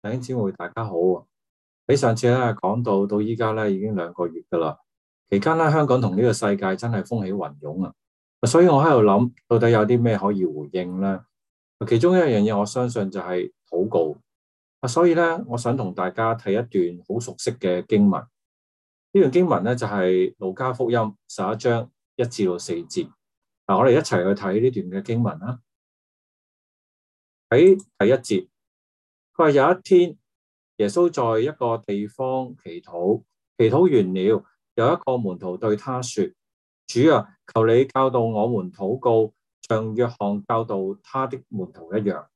弟兄姊妹，大家好啊！喺上次咧講到到依家咧已經兩個月噶啦，期間咧香港同呢個世界真係風起雲湧啊！所以我喺度諗，到底有啲咩可以回應咧？其中一樣嘢，我相信就係禱告啊！所以咧，我想同大家睇一段好熟悉嘅經文。呢段經文咧就係、是、路加福音十一章一至到四節。嗱、啊，我哋一齊去睇呢段嘅經文啦。喺第一節。佢話：有一天，耶穌在一個地方祈禱，祈禱完了，有一個門徒對他說：「主啊，求你教導我們禱告，像約翰教導他的門徒一樣。」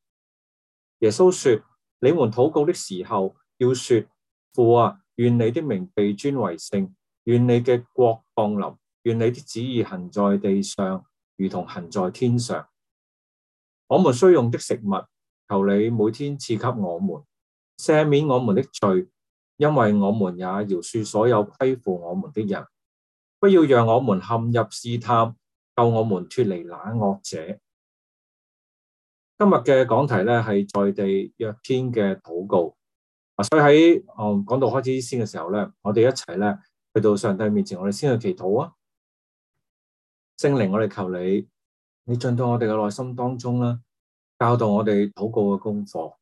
耶穌說：「你們禱告的時候，要説：父啊，願你的名被尊為聖，願你嘅國降臨，願你的旨意行在地上，如同行在天上。我們需要用的食物。」求你每天賜給我們，赦免我們的罪，因為我們也饒恕所有虧負我們的人。不要讓我們陷入試探，救我們脱離懶惡者。今日嘅講題咧係在地若天嘅禱告，所以喺我、嗯、講到開始先嘅時候咧，我哋一齊咧去到上帝面前，我哋先去祈禱啊！聖靈，我哋求你，你進到我哋嘅內心當中啦。教導我哋禱告嘅功課，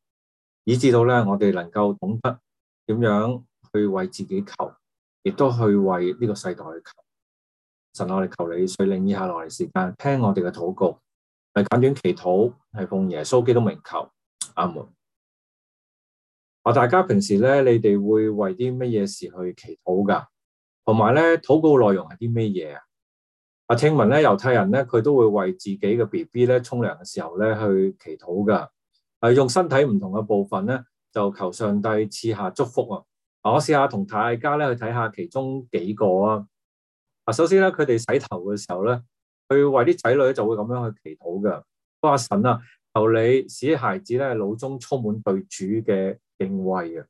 以至到咧我哋能夠懂得點樣去為自己求，亦都去為呢個世代去求。神，我哋求你，垂令以下落嚟，時間聽我哋嘅禱告，係簡短祈禱，係奉耶穌基督名求，阿門。啊，大家平時咧，你哋會為啲乜嘢事去祈禱噶同埋咧，禱告內容係啲咩嘢啊？啊，聽聞咧猶太人咧，佢都會為自己嘅 B B 咧沖涼嘅時候咧去祈禱噶，係、啊、用身體唔同嘅部分咧，就求上帝賜下祝福啊！啊，我試下同大家咧去睇下其中幾個啊。啊，首先咧佢哋洗頭嘅時候咧，佢為啲仔女就會咁樣去祈禱嘅，阿、啊、神啊，求你使孩子咧腦中充滿對主嘅敬畏啊！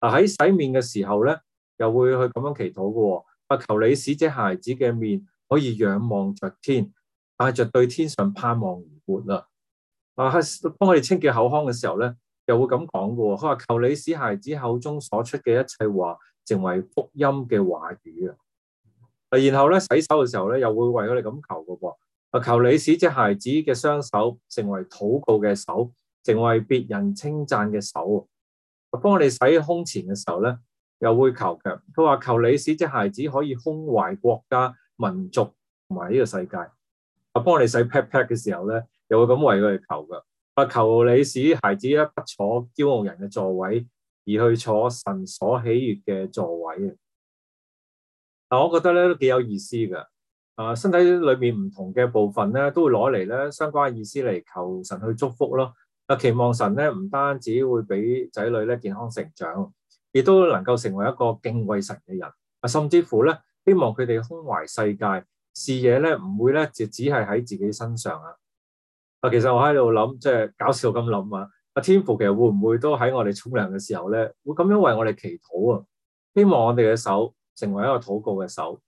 啊，喺洗面嘅時候咧，又會去咁樣祈禱嘅、啊，啊，求你使隻孩子嘅面。可以仰望着天，但係就對天上盼望而活啦。啊，當我哋清潔口腔嘅時候咧，又會咁講嘅。佢話求你使孩子口中所出嘅一切話成為福音嘅話語啊。然後咧洗手嘅時候咧，又會為我哋咁求嘅。啊，求你使隻孩子嘅雙手成為禱告嘅手，成為別人稱讚嘅手。啊，當我哋洗胸前嘅時候咧，又會求嘅。佢話求你使隻孩子可以胸懷國家。民族同埋呢個世界，啊，幫我哋洗 pat pat 嘅時候咧，又會咁為佢哋求噶，啊，求你使孩子咧不坐驕傲人嘅座位，而去坐神所喜悅嘅座位啊，我覺得咧都幾有意思噶。啊，身體裏面唔同嘅部分咧，都會攞嚟咧相關嘅意思嚟求神去祝福咯。啊，期望神咧唔單止會俾仔女咧健康成長，亦都能夠成為一個敬畏神嘅人啊，甚至乎咧。希望佢哋胸懷世界，視野咧唔會咧就只係喺自己身上啊！啊，其實我喺度諗，即係搞笑咁諗啊！阿天父其實會唔會都喺我哋沖涼嘅時候咧，會咁樣為我哋祈禱啊？希望我哋嘅手成為一個禱告嘅手，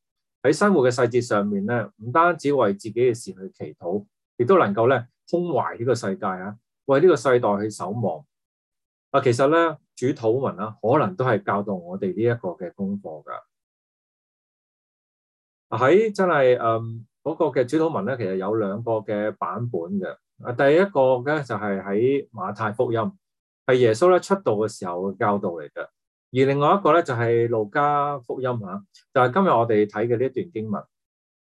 喺生活嘅細節上面咧，唔單止為自己嘅事去祈禱，亦都能夠咧胸懷呢個世界啊，為呢個世代去守望啊！其實咧，主禱文啊，可能都係教導我哋呢一個嘅功課噶。喺真係嗯嗰、那個嘅主禱文咧，其實有兩個嘅版本嘅。啊，第一個咧就係、是、喺馬太福音，係耶穌咧出道嘅時候嘅教導嚟嘅。而另外一個咧就係、是、路加福音吓。就係、是、今日我哋睇嘅呢一段經文，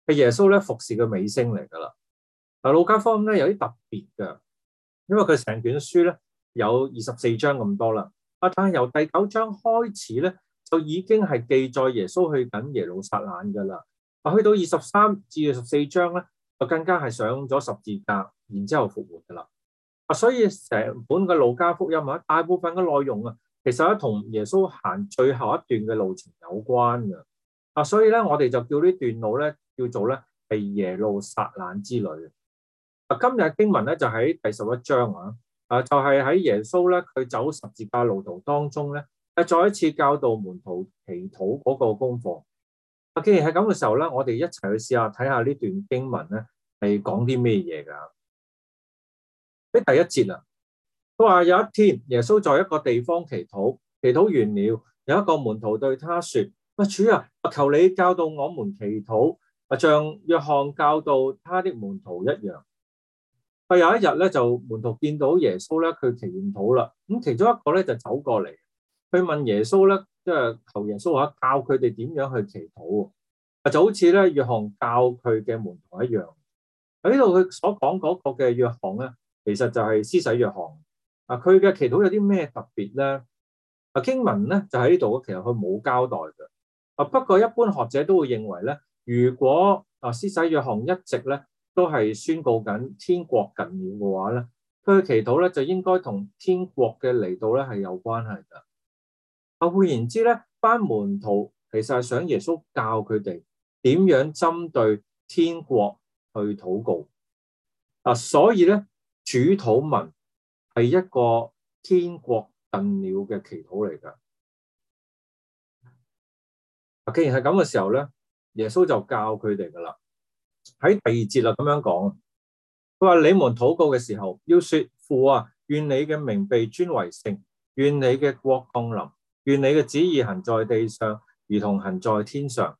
係耶穌咧服侍嘅尾聲嚟噶啦。嗱，路加福音咧有啲特別嘅，因為佢成卷書咧有二十四章咁多啦。啊，但係由第九章開始咧就已經係記載耶穌去緊耶路撒冷噶啦。啊，去到二十三至二十四章咧，就更加係上咗十字架，然之後復活噶啦。啊，所以成本嘅路加福音啊，大部分嘅內容啊，其實咧同耶穌行最後一段嘅路程有關噶。啊，所以咧我哋就叫呢段路咧叫做咧係耶路撒冷之旅。啊，今日經文咧就喺第十一章啊，啊就係、是、喺耶穌咧佢走十字架路途當中咧，啊再一次教導門徒祈禱嗰個功課。啊，既然，係咁嘅時候咧，我哋一齊去試下睇下呢段經文咧，係講啲咩嘢噶？喺第一節啊，佢話有一天耶穌在一個地方祈禱，祈禱完了，有一個門徒對他說，喂，主啊，求你教導我們祈禱，啊，像約翰教導他的門徒一樣。啊，有一日咧，就門徒見到耶穌咧，佢祈禱啦。咁其中一個咧就走過嚟，佢問耶穌咧。即係求耶穌話教佢哋點樣去祈禱，就好似咧約翰教佢嘅門徒一樣。喺呢度佢所講嗰個嘅約翰咧，其實就係施洗約翰。啊，佢嘅祈禱有啲咩特別咧？啊，經文咧就喺呢度，其實佢冇交代嘅。啊，不過一般學者都會認為咧，如果啊，施洗約翰一直咧都係宣告緊天國近了嘅話咧，佢嘅祈禱咧就應該同天國嘅嚟到咧係有關係㗎。換言之咧，班門徒其實係想耶穌教佢哋點樣針對天國去禱告。啊，所以咧，主禱文係一個天國近了嘅祈禱嚟噶。既然係咁嘅時候咧，耶穌就教佢哋噶啦。喺第二節啦咁樣講，佢話你們禱告嘅時候要說父啊，願你嘅名被尊為聖，願你嘅國降臨。願你嘅旨意行在地上，如同行在天上。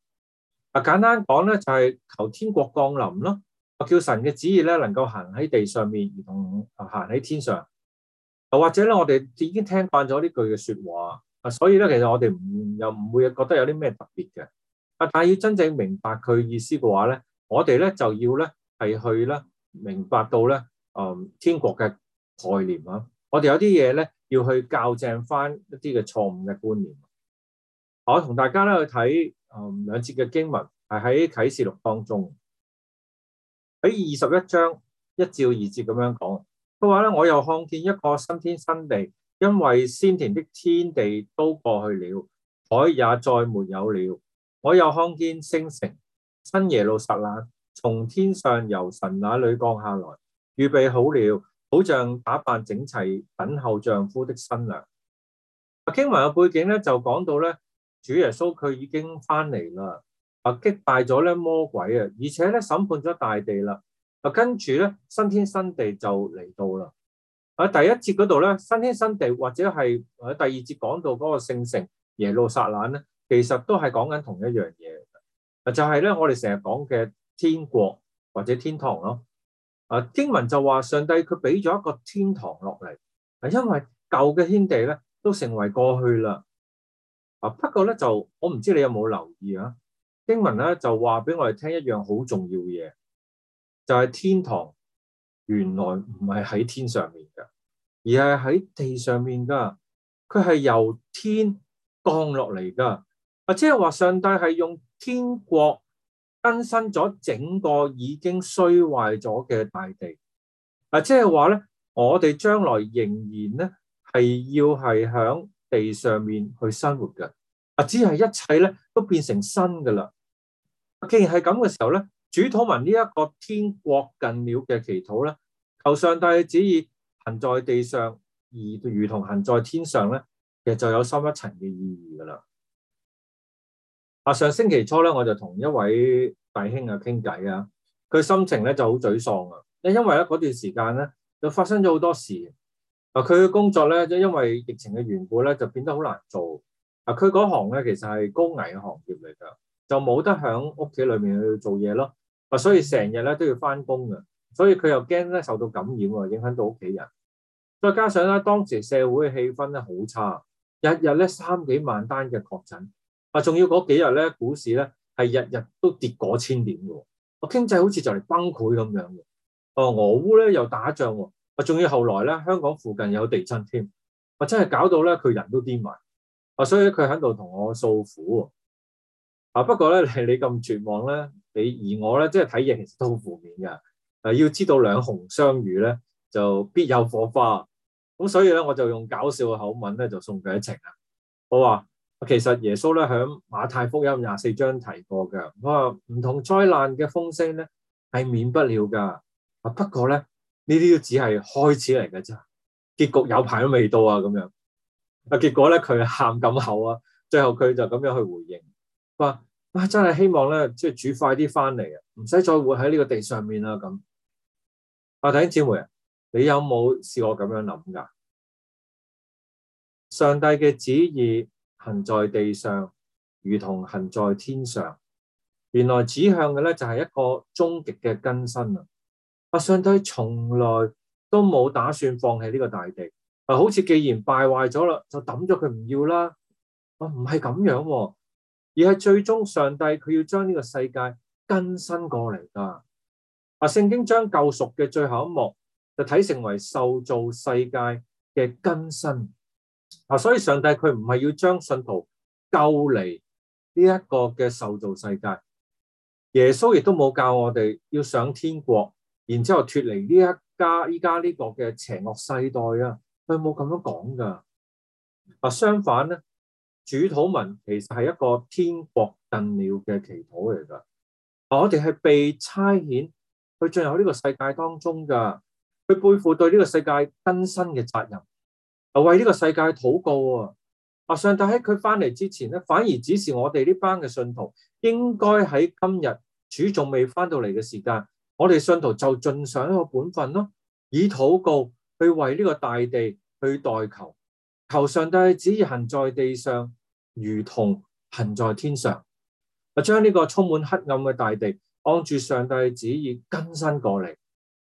啊，簡單講咧，就係求天國降臨咯。啊，叫神嘅旨意咧，能夠行喺地上面，如同行喺天上。又、啊、或者咧，我哋已經聽慣咗呢句嘅說話，啊，所以咧，其實我哋唔又唔會覺得有啲咩特別嘅。啊，但係要真正明白佢意思嘅話咧，我哋咧就要咧係去咧明白到咧，嗯，天國嘅概念啊。我哋有啲嘢咧。要去校正翻一啲嘅錯誤嘅觀念。我同大家咧去睇兩節嘅經文，係喺啟示錄當中，喺二十一章一至二節咁樣講，佢話咧：我又看見一個新天新地，因為先前的天地都過去了，海也再沒有了。我又看見聖城新耶路撒冷從天上由神那裏降下來，預備好了，好像打扮整齊等候丈夫的新娘。啊，經文嘅背景咧就講到咧，主耶穌佢已經翻嚟啦，啊，擊敗咗咧魔鬼啊，而且咧審判咗大地啦，啊，跟住咧新天新地就嚟到啦。喺第一節嗰度咧新天新地，或者係喺第二節講到嗰個聖城耶路撒冷咧，其實都係講緊同一樣嘢，啊，就係咧我哋成日講嘅天國或者天堂咯。啊，經文就話上帝佢俾咗一個天堂落嚟，係因為舊嘅天地咧都成為過去啦。啊，不過咧就我唔知你有冇留意，啊，經文咧就話俾我哋聽一樣好重要嘢，就係天堂原來唔係喺天上面噶，而係喺地上面噶。佢係由天降落嚟噶，啊，即係話上帝係用天國更新咗整個已經衰壞咗嘅大地，啊，即係話咧，我哋將來仍然咧係要係響地上面去生活噶，啊，只係一切咧都變成新噶啦。既然係咁嘅時候咧，主禱文呢一個天國近了嘅祈禱咧，求上帝旨意行在地上而如同行在天上咧，其實就有深一層嘅意義噶啦。啊，上星期初咧，我就同一位弟兄啊傾偈啊，佢心情咧就好沮喪啊。誒，因為咧嗰段時間咧，就發生咗好多事。啊，佢嘅工作咧，即係因為疫情嘅緣故咧，就變得好難做。啊，佢嗰行咧，其實係高危嘅行業嚟㗎，就冇得響屋企裏面去做嘢咯。啊，所以成日咧都要翻工嘅，所以佢又驚咧受到感染啊，影響到屋企人。再加上咧，當時社會嘅氣氛咧好差，日日咧三幾萬單嘅確診。啊！仲要嗰幾日咧，股市咧係日日都跌過千點嘅，我經濟好似就嚟崩潰咁樣嘅。哦，俄烏咧又打仗，我、啊、仲要後來咧，香港附近有地震添，我、啊、真係搞到咧佢人都癲埋。啊，所以佢喺度同我訴苦。啊，不過咧，係你咁絕望咧，你而我咧，即係睇嘢，其實都好負面嘅。啊，要知道兩雄相遇咧，就必有火花。咁所以咧，我就用搞笑嘅口吻咧，就送佢一程啦。好話、啊。其實耶穌咧喺馬太福音廿四章提過嘅，佢話唔同災難嘅風聲咧係免不了噶。啊，不過咧，呢啲都只係開始嚟嘅啫，結局有排都未到啊咁樣。啊，結果咧，佢喊咁口啊，最後佢就咁樣去回應，話啊，真係希望咧，即係主快啲翻嚟啊，唔使再活喺呢個地上面啦咁。阿、啊、弟兄姊妹啊，你有冇試過咁樣諗噶？上帝嘅旨意。行在地上，如同行在天上。原來指向嘅咧就係一個終極嘅更新。啊！阿上帝從來都冇打算放棄呢個大地啊，好似既然敗壞咗啦，就抌咗佢唔要啦。我唔係咁樣，啊，而係最終上帝佢要將呢個世界更新過嚟噶。啊，聖經將救贖嘅最後一幕就睇成為受造世界嘅更新。啊，所以上帝佢唔係要將信徒救離呢一個嘅受造世界，耶穌亦都冇教我哋要上天國，然之後脫離呢一家依家呢個嘅邪惡世代啊，佢冇咁樣講噶。啊，相反咧，主禱文其實係一個天國近了嘅祈禱嚟噶。我哋係被差遣去進入呢個世界當中噶，去背負對呢個世界更新嘅責任。啊！為呢個世界禱告啊！啊！上帝喺佢翻嚟之前咧，反而指示我哋呢班嘅信徒，應該喺今日主仲未翻到嚟嘅時間，我哋信徒就盡上一個本分咯、啊，以禱告去為呢個大地去代求，求上帝旨意行在地上，如同行在天上。啊！將呢個充滿黑暗嘅大地，按住上帝旨意更新過嚟。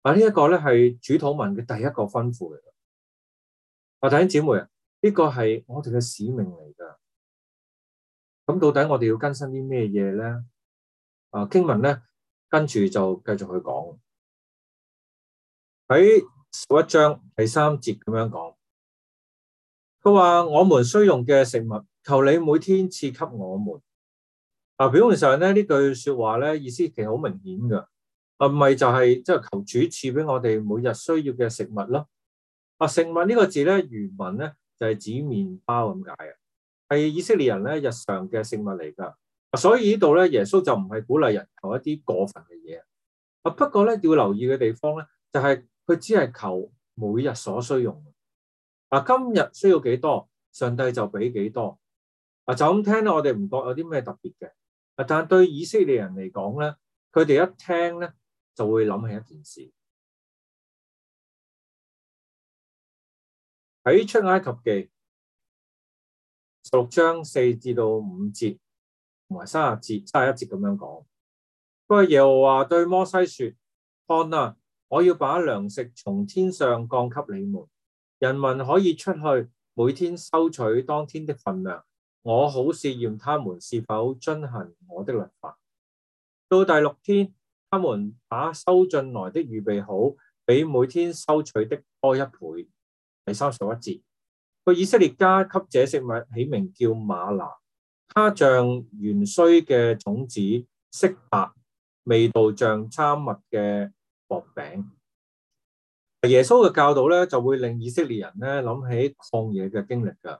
啊！呢、這、一個咧係主禱文嘅第一個吩咐嚟。弟兄姊妹啊，呢個係我哋嘅使命嚟噶。咁到底我哋要更新啲咩嘢咧？啊經文咧，跟住就繼續去講。喺十一章第三節咁樣講，佢話：我們需要用嘅食物，求你每天賜給我們。啊，表面上咧，呢句說話咧，意思其實好明顯噶，係咪就係即係求主賜俾我哋每日需要嘅食物咯。啊，食物呢個字咧，原文咧就係指麵包咁解啊，係以色列人咧日常嘅食物嚟噶。所以呢度咧，耶穌就唔係鼓勵人求一啲過分嘅嘢啊。不過咧，要留意嘅地方咧，就係、是、佢只係求每日所需用啊。今日需要幾多，上帝就俾幾多啊。就咁聽咧，我哋唔覺得有啲咩特別嘅啊。但係對以色列人嚟講咧，佢哋一聽咧就會諗起一件事。喺出埃及記十六章四至到五節，同埋三十節三十一節咁樣講。不過耶和華對摩西說：看啊，我要把糧食從天上降給你們，人民可以出去，每天收取當天的份量。我好試驗他們是否遵行我的律法。到第六天，他們把收進來的預備好，比每天收取的多一倍。第三十一節，個以色列家給這食物起名叫嗎哪，它像芫荽嘅種子，色白，味道像攙蜜嘅薄餅。耶穌嘅教導咧，就會令以色列人咧諗起曠野嘅經歷噶。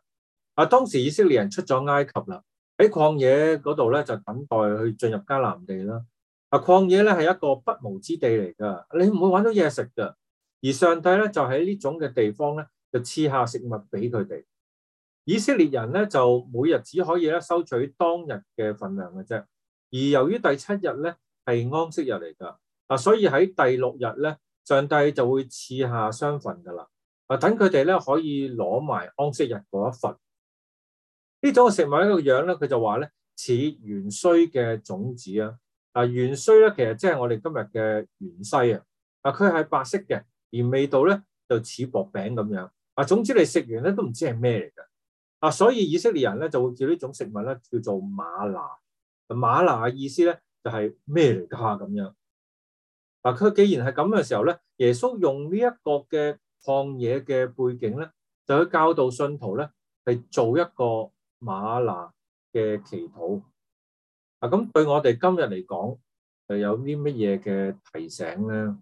啊，當時以色列人出咗埃及啦，喺曠野嗰度咧就等待去進入迦南地啦。啊，曠野咧係一個不毛之地嚟噶，你唔會搵到嘢食噶。而上帝咧就喺呢種嘅地方咧。就賜下食物俾佢哋。以色列人咧就每日只可以咧收取當日嘅份量嘅啫。而由於第七日咧係安息日嚟噶，啊，所以喺第六日咧，上帝就會賜下雙份噶啦。啊，等佢哋咧可以攞埋安息日嗰一份。呢種嘅食物一個樣咧，佢就話咧似芫荽嘅種子啊。啊，芫荽咧其實即係我哋今日嘅芫茜啊。啊，佢係白色嘅，而味道咧就似薄餅咁樣。啊，總之你食完咧都唔知係咩嚟噶，啊，所以以色列人咧就會叫呢種食物咧叫做馬拿，馬拿嘅意思咧就係咩嚟噶咁樣。嗱，佢既然係咁嘅時候咧，耶穌用呢一個嘅曠野嘅背景咧，就去教導信徒咧係做一個馬拿嘅祈禱。啊，咁對我哋今日嚟講，又有啲乜嘢嘅提醒咧？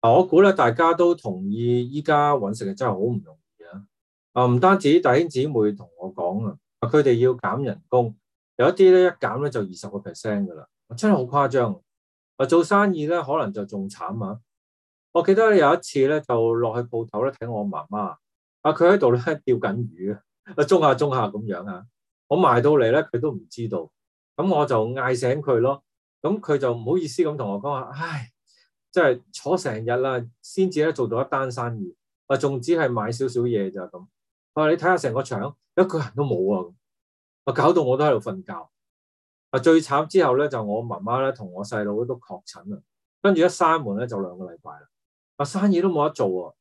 嗱，我估咧，大家都同意，依家搵食係真係好唔容易啊！啊，唔單止弟兄姊妹同我講啊，佢哋要減人工，有一啲咧一減咧就二十個 percent 噶啦，真係好誇張啊！做生意咧可能就仲慘啊！我記得有一次咧，就落去鋪頭咧睇我媽媽啊，佢喺度咧釣緊魚啊，中下中下咁樣啊，我埋到嚟咧佢都唔知道，咁我就嗌醒佢咯，咁佢就唔好意思咁同我講話，唉。即係坐成日啦，先至咧做到一單生意。我仲只係買少少嘢。就咁，我你睇下成個場，一個人都冇啊！我搞到我都喺度瞓覺。啊，最慘之後咧，就我媽媽咧同我細佬都確診啦。跟住一閂門咧，就兩個禮拜啦。啊，生意都冇得做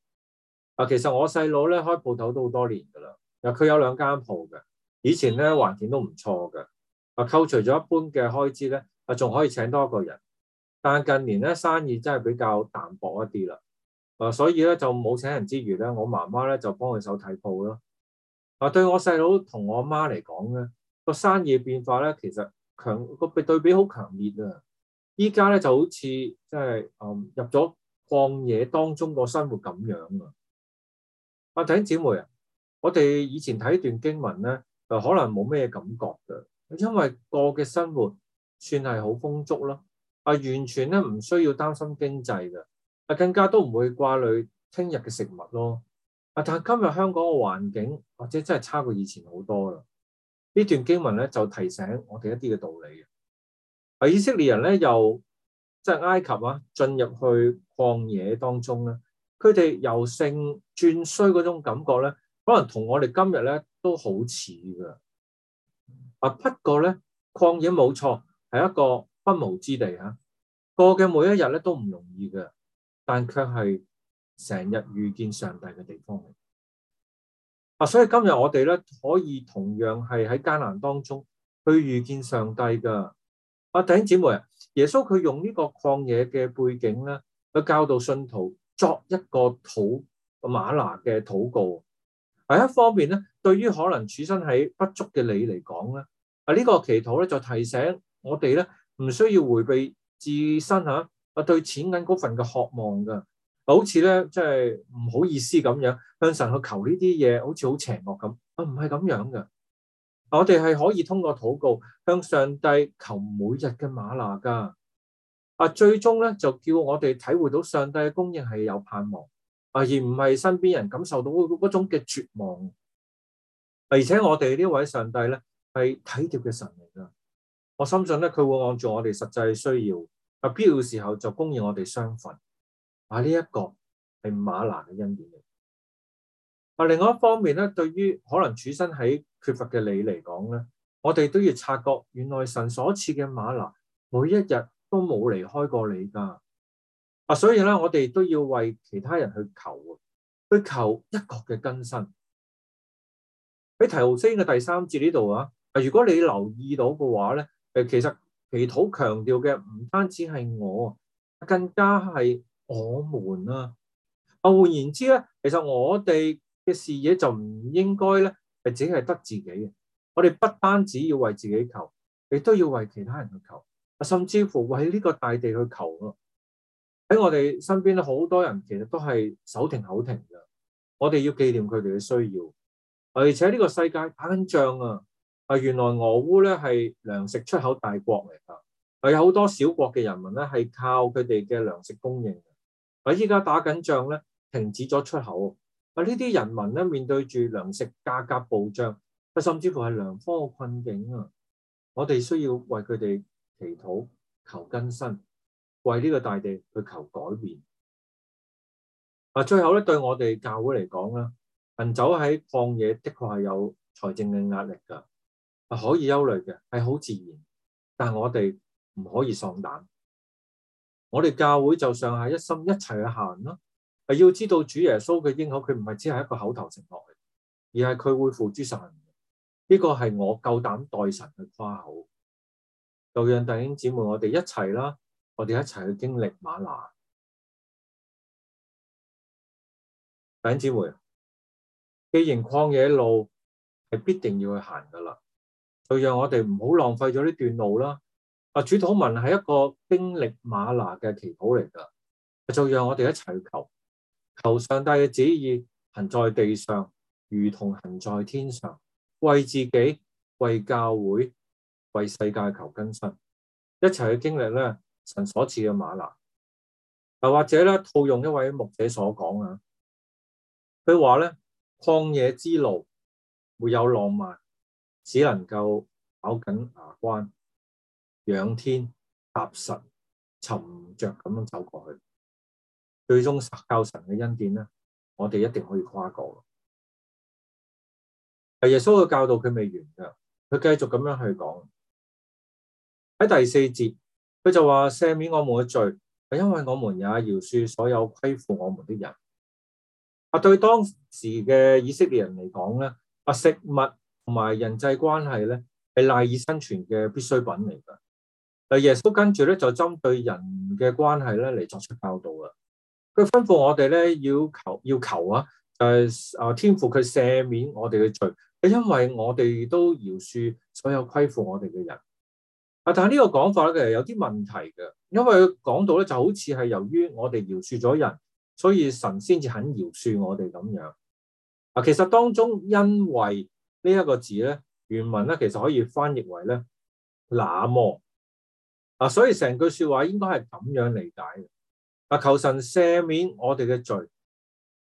啊！其實我細佬咧開鋪頭都好多年噶啦。啊，佢有兩間鋪嘅，以前咧環境都唔錯嘅。啊，扣除咗一般嘅開支咧，啊，仲可以請多一個人。但近年咧生意真係比較淡薄一啲啦，啊，所以咧就冇請人之餘咧，我媽媽咧就幫佢手睇鋪啦。啊，對我細佬同我媽嚟講咧，個生意變化咧其實強個對比好強烈啊！依家咧就好似真係誒入咗曠野當中個生活咁樣啊！啊，弟兄姊妹啊，我哋以前睇段經文咧，可能冇咩感覺嘅，因為過嘅生活算係好豐足啦。啊！完全咧唔需要擔心經濟嘅，啊，更加都唔會掛慮聽日嘅食物咯。啊！但係今日香港嘅環境或者真係差過以前好多啦。呢段經文咧就提醒我哋一啲嘅道理嘅。啊！以色列人咧又即係埃及啊，進入去曠野當中咧，佢哋由盛轉衰嗰種感覺咧，可能同我哋今日咧都好似㗎。啊不過咧，曠野冇錯係一個荒蕪之地啊，過嘅每一日咧都唔容易嘅，但卻係成日遇見上帝嘅地方嚟。啊，所以今日我哋咧可以同樣係喺艱難當中去遇見上帝噶。弟兄姐妹啊，耶穌佢用呢個曠野嘅背景咧，去教導信徒作一個討嗎哪嘅禱告。喺一方面咧，對於可能處身喺不足嘅你嚟講咧，啊、這、呢個祈禱咧就提醒我哋咧。唔需要回避自身嚇，我，啊，對錢銀嗰份嘅渴望噶，好似咧即係唔好意思咁樣向神去求呢啲嘢，好似好邪惡咁。啊，唔係咁樣嘅，我哋係可以通過禱告向上帝求每日嘅馬拿噶。啊，最終咧就叫我哋體會到上帝嘅供應係有盼望，啊，而唔係身邊人感受到嗰種嘅絕望，啊，而且我哋呢位上帝咧係體貼嘅神嚟㗎。我相信咧，佢會按住我哋實際需要，啊，必要嘅時候就供應我哋雙份。啊，呢一個係馬拿嘅恩典嚟。啊，另外一方面咧，對於可能處身喺缺乏嘅你嚟講咧，我哋都要察覺，原來神所賜嘅馬拿，每一日都冇離開過你噶。啊，所以咧，我哋都要為其他人去求啊，去求一個嘅更新。喺提奧星嘅第三節呢度啊，啊，如果你留意到嘅話咧。誒，其實祈禱強調嘅唔單止係我，更加係我們啦。啊，換言之咧，其實我哋嘅視野就唔應該咧，係只係得自己嘅。我哋不單止要為自己求，亦都要為其他人去求。啊，甚至乎為呢個大地去求啊！喺我哋身邊好多人其實都係手停口停噶。我哋要紀念佢哋嘅需要，而且呢個世界打緊仗啊！啊！原來俄烏咧係糧食出口大國嚟㗎，係有好多小國嘅人民咧係靠佢哋嘅糧食供應。啊！依家打緊仗咧，停止咗出口。啊！呢啲人民咧，面對住糧食價格暴漲，啊，甚至乎係糧荒嘅困境啊！我哋需要為佢哋祈禱、求更新，為呢個大地去求改變。啊！最後咧，對我哋教會嚟講咧，行走喺曠野的確係有財政嘅壓力㗎。係可以憂慮嘅，係好自然，但係我哋唔可以喪膽。我哋教會就上下一心一，一齊去行咯。係要知道主耶穌嘅應口，佢唔係只係一個口頭承諾，而係佢會付諸實行。呢個係我夠膽代神去誇口。就讓弟兄姊妹，我哋一齊啦，我哋一齊去經歷嗎哪。弟兄姊妹，既然曠野路係必定要去行噶啦。就讓我哋唔好浪費咗呢段路啦。啊，主禱文係一個經歷馬拿嘅祈禱嚟㗎。就讓我哋一齊求，求上帝嘅旨意行在地上，如同行在天上，為自己、為教會、為世界求更新，一齊去經歷咧神所賜嘅馬拿。又或者咧套用一位牧者所講啊，佢話咧曠野之路會有浪漫。只能夠咬緊牙關，仰天、踏實、沉着咁樣走過去，最終殺教神嘅恩典咧，我哋一定可以跨過。係耶穌嘅教導，佢未完嘅，佢繼續咁樣去講。喺第四節，佢就話赦免我們嘅罪，係因為我們也饒恕所有虧負我們的人。啊，對當時嘅以色列人嚟講咧，啊，食物。同埋人際關係咧，係賴以生存嘅必需品嚟㗎。誒，耶穌跟住咧就針對人嘅關係咧嚟作出教導啊。佢吩咐我哋咧要求要求啊，就係啊，天父佢赦免我哋嘅罪，因為我哋都饒恕所有虧負我哋嘅人。啊，但係呢個講法咧其實有啲問題嘅，因為佢講到咧就好似係由於我哋饒恕咗人，所以神先至肯饒恕我哋咁樣。啊，其實當中因為呢一個字咧，原文咧其實可以翻譯為咧那麼啊，所以成句說話應該係咁樣理解嘅。啊，求神赦免我哋嘅罪，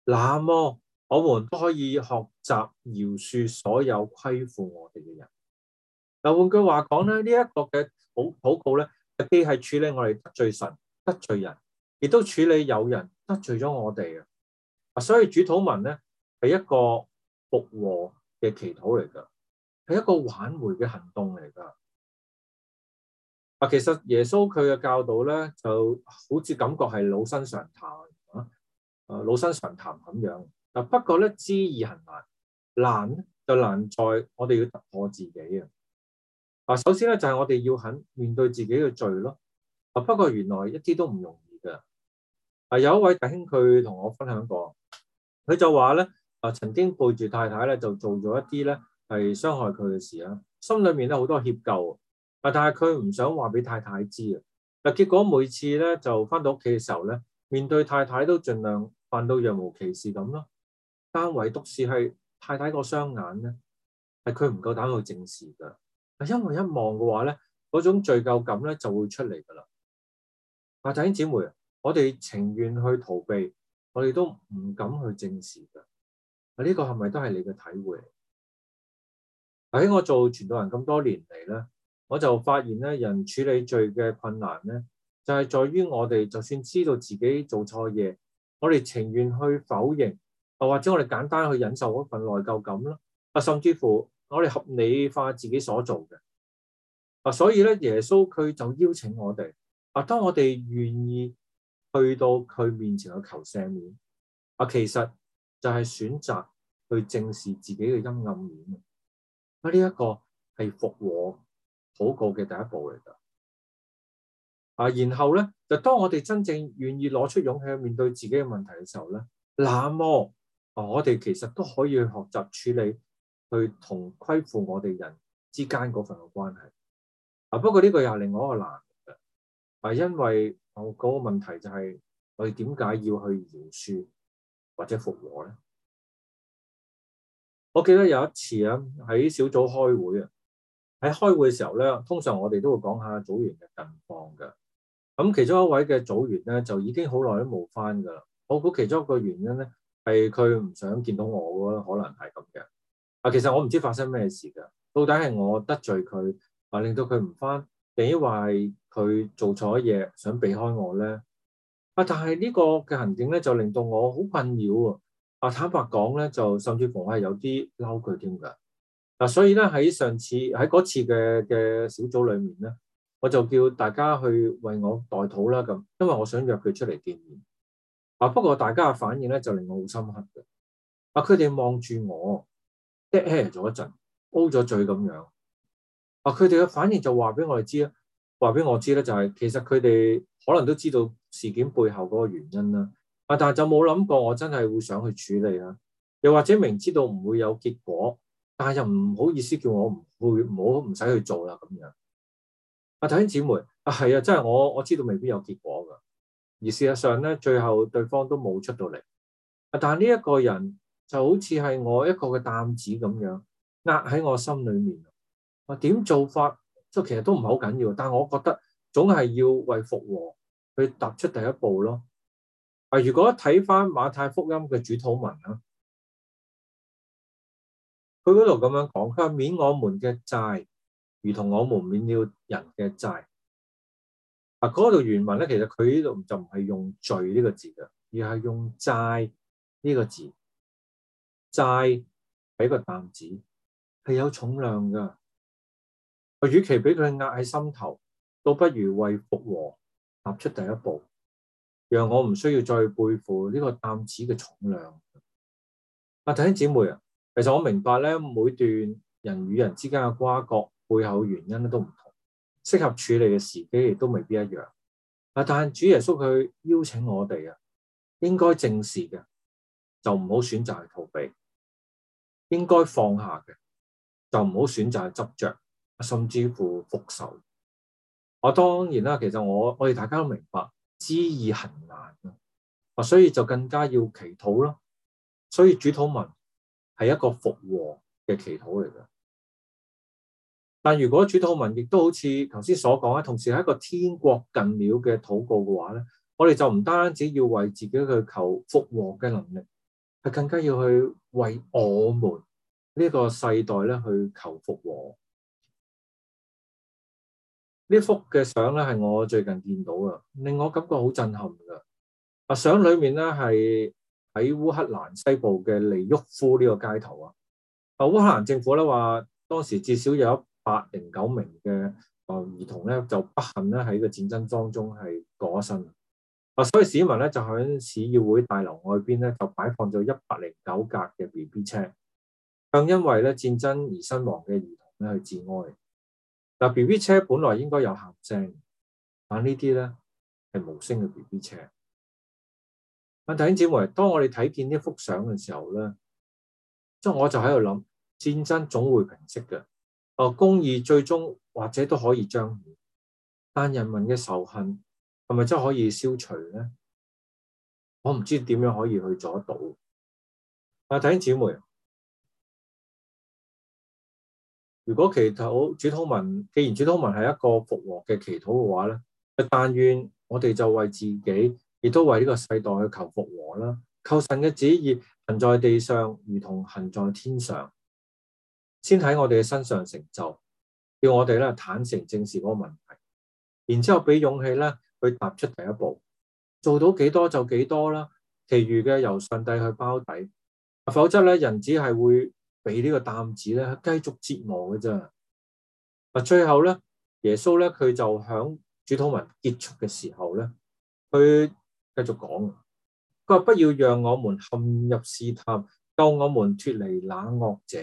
那麼我們都可以學習饒恕所有虧負我哋嘅人。嗱，換句話講咧，這個，呢一個嘅禱禱告咧，既係處理我哋得罪神、得罪人，亦都處理有人得罪咗我哋嘅。啊，所以主禱文咧係一個復和嘅祈禱嚟㗎，係一個挽回嘅行動嚟㗎。啊，其實耶穌佢嘅教導咧，就好似感覺係老生常談啊，啊老生常談咁樣。嗱，不過咧，知易行難，難就難在我哋要突破自己啊。嗱，首先咧就係、是、我哋要肯面對自己嘅罪咯。嗱、啊，不過原來一啲都唔容易㗎。啊，有一位弟兄佢同我分享過，佢就話咧。啊！曾經背住太太咧，就做咗一啲咧，係傷害佢嘅事啊。心裏面咧好多歉疚啊，但係佢唔想話俾太太知啊。嗱，結果每次咧就返到屋企嘅時候咧，面對太太都儘量扮到若無其事咁咯。但唯獨是係太太個雙眼咧，係佢唔夠膽去正視㗎。係因為一望嘅話咧，嗰種罪疚感咧就會出嚟㗎啦。啊，弟兄姊妹，我哋情願去逃避，我哋都唔敢去正視㗎。呢個係咪都係你嘅體會？喺我做傳道人咁多年嚟咧，我就發現咧，人處理罪嘅困難咧，就係在於我哋就算知道自己做錯嘢，我哋情願去否認，或或者我哋簡單去忍受嗰份內疚感咯。啊，甚至乎我哋合理化自己所做嘅。啊，所以咧，耶穌佢就邀請我哋。啊，當我哋願意去到佢面前去求赦免。啊，其實。就係選擇去正視自己嘅陰暗面，啊，呢一個係復和好過嘅第一步嚟噶，啊，然後咧就當我哋真正願意攞出勇氣去面對自己嘅問題嘅時候咧，那麼、啊、我哋其實都可以去學習處理，去同虧負我哋人之間嗰份嘅關係。啊，不過呢個又係另外一個難，啊，因為我嗰、啊那個問題就係我哋點解要去饒恕？或者復和咧，我記得有一次啊，喺小組開會啊，喺開會嘅時候咧，通常我哋都會講下組員嘅近況嘅。咁、嗯、其中一位嘅組員咧，就已經好耐都冇翻噶啦。我估其中一個原因咧，係佢唔想見到我咯，可能係咁嘅。啊，其實我唔知發生咩事㗎，到底係我得罪佢啊，令到佢唔翻，定抑或係佢做錯嘢想避開我咧？但係呢個嘅行徑咧，就令到我好困擾啊！坦白講咧，就甚至乎我係有啲嬲佢添㗎。嗱，所以咧，喺上次喺嗰次嘅嘅小組裏面咧，我就叫大家去為我代禱啦咁，因為我想約佢出嚟見面。啊！不過大家嘅反應咧，就令我好深刻嘅。啊，佢哋望住我，dead air 咗一陣，O 咗嘴咁樣。啊，佢哋嘅反應就話俾我哋知啊，話俾我知咧、就係，就係其實佢哋。可能都知道事件背後嗰個原因啦，啊，但係就冇諗過我真係會想去處理啦，又或者明知道唔會有結果，但係又唔好意思叫我唔會唔好唔使去做啦咁樣。啊，弟兄姊妹，啊係啊，真係我我知道未必有結果噶，而事實上咧，最後對方都冇出到嚟，啊，但係呢一個人就好似係我一個嘅擔子咁樣壓喺我心裏面，啊，點做法即係其實都唔係好緊要，但係我覺得。總係要為復和去踏出第一步咯。嗱、啊，如果睇翻馬太福音嘅主禱文啦，佢嗰度咁樣講，佢話免我們嘅債，如同我們免了人嘅債。嗱、啊，嗰度原文咧，其實佢呢度就唔係用罪呢個字嘅，而係用債呢個字。債係一個擔子，係有重量噶。我、啊、與其俾佢壓喺心頭。倒不如為復和踏出第一步，讓我唔需要再背負呢個擔子嘅重量。阿、啊、弟兄姐妹啊，其實我明白咧，每段人與人之間嘅瓜葛背後原因咧都唔同，適合處理嘅時機亦都未必一樣。啊，但係主耶穌佢邀請我哋啊，應該正視嘅就唔好選擇去逃避，應該放下嘅就唔好選擇去執着，甚至乎復仇。我當然啦，其實我我哋大家都明白，知易行難啊！所以就更加要祈禱咯。所以主禱文係一個復和嘅祈禱嚟嘅。但如果主禱文亦都好似頭先所講咧，同時係一個天國近了嘅禱告嘅話咧，我哋就唔單止要為自己去求復和嘅能力，係更加要去為我們呢一個世代咧去求復和。呢幅嘅相咧係我最近見到嘅，令我感覺好震撼㗎！啊，相裏面咧係喺烏克蘭西部嘅利沃夫呢個街頭啊，啊烏克蘭政府咧話當時至少有一百零九名嘅啊兒童咧就不幸咧喺個戰爭當中係過身啊，所以市民咧就喺市議會大樓外邊咧就擺放咗一百零九格嘅 B B 車，向因為咧戰爭而身亡嘅兒童咧去致哀。嗱、呃、B B 車本來應該有響聲，但呢啲咧係無聲嘅 B B 車。但弟兄姊妹，當我哋睇見呢幅相嘅時候咧，即係我就喺度諗，戰爭總會平息嘅，哦，公義最終或者都可以彰顯，但人民嘅仇恨係咪真可以消除咧？我唔知點樣可以去阻到。啊，弟兄姊妹。如果祈禱主禱文，既然主禱文係一個復和嘅祈禱嘅話咧，但願我哋就為自己，亦都為呢個世代去求復和啦。求神嘅旨意行在地上，如同行在天上，先喺我哋嘅身上成就，叫我哋咧坦誠正視嗰個問題，然之後俾勇氣咧去踏出第一步，做到幾多就幾多啦，其餘嘅由上帝去包底，否則咧人只係會。俾呢個擔子咧，繼續折磨嘅咋？啊，最後咧，耶穌咧佢就響主禱文結束嘅時候咧，佢繼續講，佢話不要讓我們陷入試探，救我們脫離那惡者。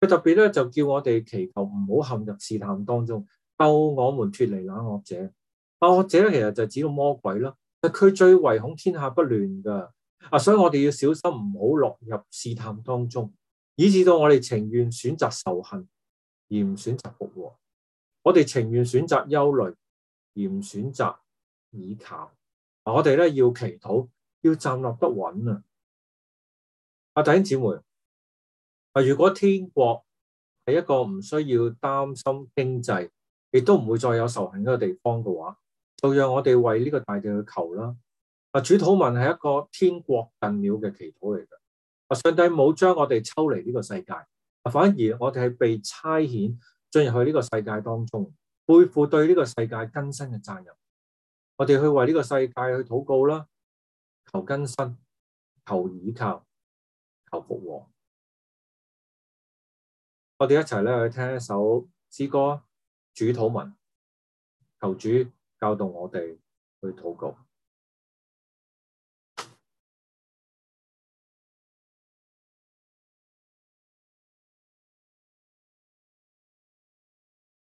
佢特別咧就叫我哋祈求唔好陷入試探當中，救我們脫離那惡者。啊，惡者咧其實就指到魔鬼咯。佢最唯恐天下不亂噶。啊，所以我哋要小心唔好落入試探當中。以至到我哋情願選擇仇恨而唔選擇復和，我哋情願選擇憂慮而唔選擇倚靠。我哋咧要祈禱，要站立得穩啊！阿弟兄姊妹，啊，如果天國係一個唔需要擔心經濟，亦都唔會再有仇恨一個地方嘅話，就讓我哋為呢個大地去求啦！啊，主禱文係一個天國近了嘅祈禱嚟嘅。上帝冇將我哋抽離呢個世界，反而我哋係被差遣進入去呢個世界當中，背負對呢個世界更新嘅責任。我哋去為呢個世界去禱告啦，求更新，求倚靠，求復和。我哋一齊咧去聽一首詩歌《主禱文》，求主教導我哋去禱告。